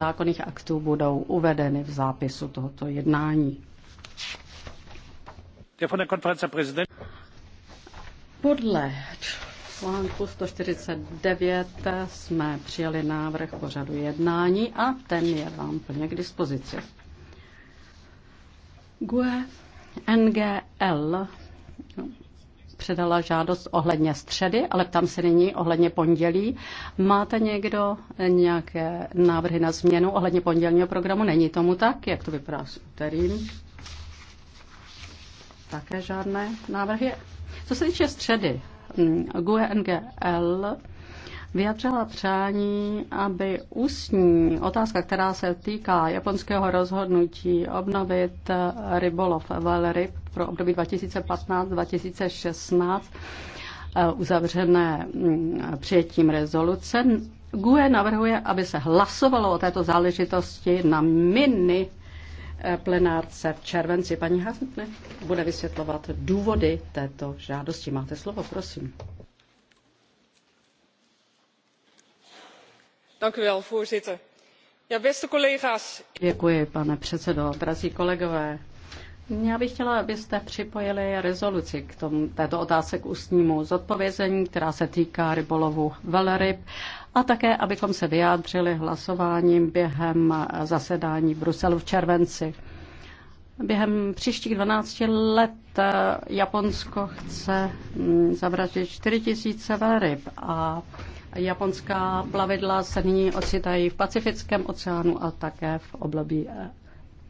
zákonných aktů budou uvedeny v zápisu tohoto jednání. Podle článku 149 jsme přijali návrh pořadu jednání a ten je vám plně k dispozici. GUE NGL předala žádost ohledně středy, ale ptám se nyní ohledně pondělí. Máte někdo nějaké návrhy na změnu ohledně pondělního programu? Není tomu tak? Jak to vypadá s úterým? Také žádné návrhy. Co se týče středy, mm, GUNGL vyjadřila přání, aby ústní otázka, která se týká japonského rozhodnutí obnovit eh, rybolov velryb pro období 2015-2016, eh, uzavřené mm, přijetím rezoluce. GUE navrhuje, aby se hlasovalo o této záležitosti na mini eh, plenárce v červenci. Paní Hasne bude vysvětlovat důvody této žádosti. Máte slovo, prosím. Děkuji, pane předsedající. kolegové. Já bych chtěla, abyste připojili rezoluci k tomu, této otázce k ústnímu zodpovězení, která se týká rybolovu veleryb a také, abychom se vyjádřili hlasováním během zasedání v Bruselu v červenci. Během příštích 12 let Japonsko chce mm, zavraždit 4 000 veleryb a Japonská plavidla se nyní ocitají v Pacifickém oceánu a také v oblobí eh,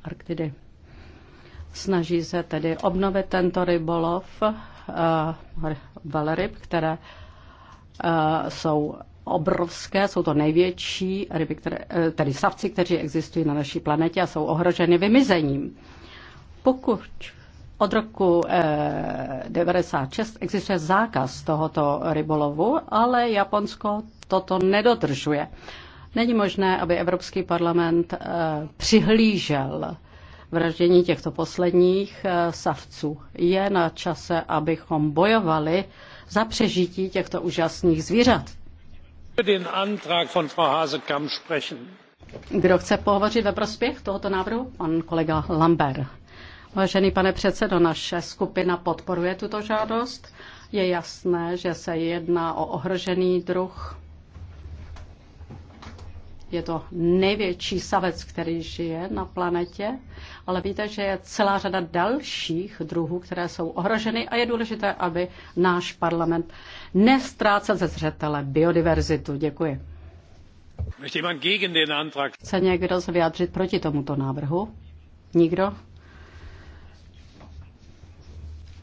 Arktidy. Snaží se tedy obnovit tento rybolov uh, velryb, které uh, jsou obrovské, jsou to největší ryby, které, uh, tedy savci, kteří existují na naší planetě a jsou ohroženy vymizením. Pokud od roku 1996 eh, existuje zákaz tohoto rybolovu, ale Japonsko toto nedodržuje. Není možné, aby Evropský parlament eh, přihlížel vraždění těchto posledních eh, savců. Je na čase, abychom bojovali za přežití těchto úžasných zvířat. Kdo chce pohovořit ve prospěch tohoto návrhu? Pan kolega Lambert. Vážený pane předsedo, naše skupina podporuje tuto žádost. Je jasné, že se jedná o ohrožený druh. Je to největší savec, který žije na planetě, ale víte, že je celá řada dalších druhů, které jsou ohroženy a je důležité, aby náš parlament nestrácel ze zřetele biodiverzitu. Děkuji. Chce někdo se vyjádřit proti tomuto návrhu? Nikdo?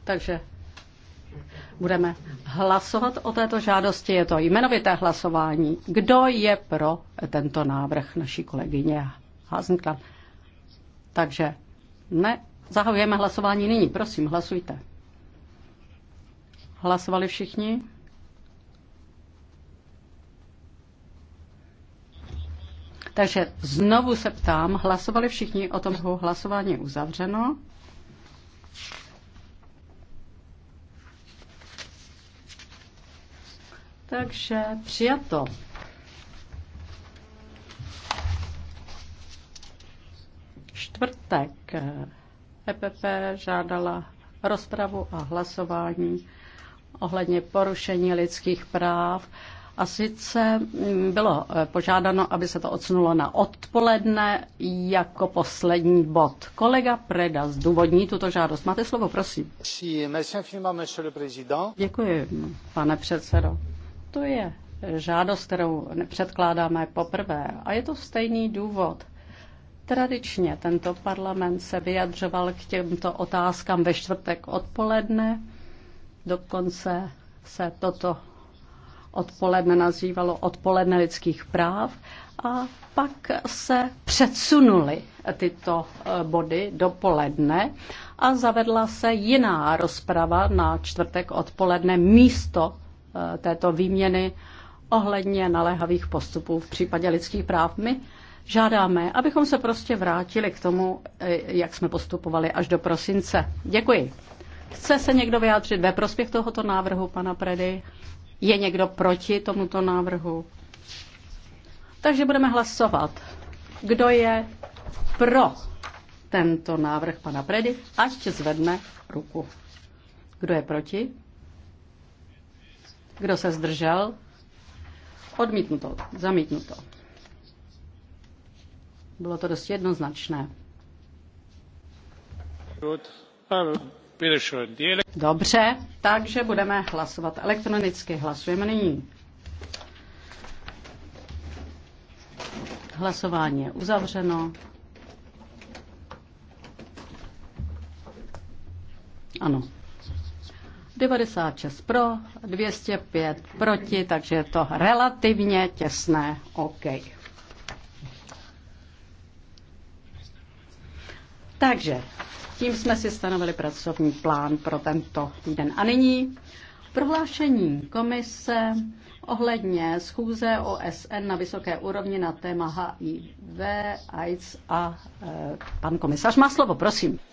Takže budeme hlasovat o této žádosti. Je to jmenovité hlasování. Kdo je pro tento návrh naší kolegyně Hazenklan? Takže ne, zahajujeme hlasování nyní. Prosím, hlasujte. Hlasovali všichni? Takže znovu se ptám, hlasovali všichni o tom, hlasování je uzavřeno. Takže přijato. Čtvrtek EPP žádala rozpravu a hlasování ohledně porušení lidských práv. A sice mm, bylo e, požádáno, aby se to odsunulo na odpoledne jako poslední bod. Kolega Preda zdůvodní tuto žádost. Máte slovo, prosím. Děkuji, pane předsedo. To je žádost, kterou předkládáme poprvé a je to stejný důvod. Tradičně tento parlament se vyjadřoval k těmto otázkám ve čtvrtek odpoledne, dokonce se toto odpoledne nazývalo odpoledne lidských práv a pak se předsunuly tyto eh, body dopoledne a zavedla se jiná rozprava na čtvrtek odpoledne místo Eh, této výměny ohledně naléhavých postupů v případě lidských práv. My žádáme, abychom se prostě vrátili k tomu, eh, jak jsme postupovali až do prosince. Děkuji. Chce se někdo vyjádřit ve prospěch tohoto návrhu, pana Predy? Je někdo proti tomuto návrhu? Takže budeme hlasovat. Kdo je pro tento návrh pana Predy, ať zvedne ruku. Kdo je proti? Kdo se zdržel? Odmítnuto. Zamítnuto. Bylo to dost jednoznačné. Dobře, takže budeme hlasovat elektronicky. Hlasujeme nyní. Hlasování je uzavřeno. Ano, 96 pro, 205 proti, takže je to relativně těsné OK. Takže tím jsme si stanovili pracovní plán pro tento týden. A nyní prohlášení komise ohledně schůze OSN na vysoké úrovni na téma HIV, AIDS a e, pan komisař má slovo, prosím.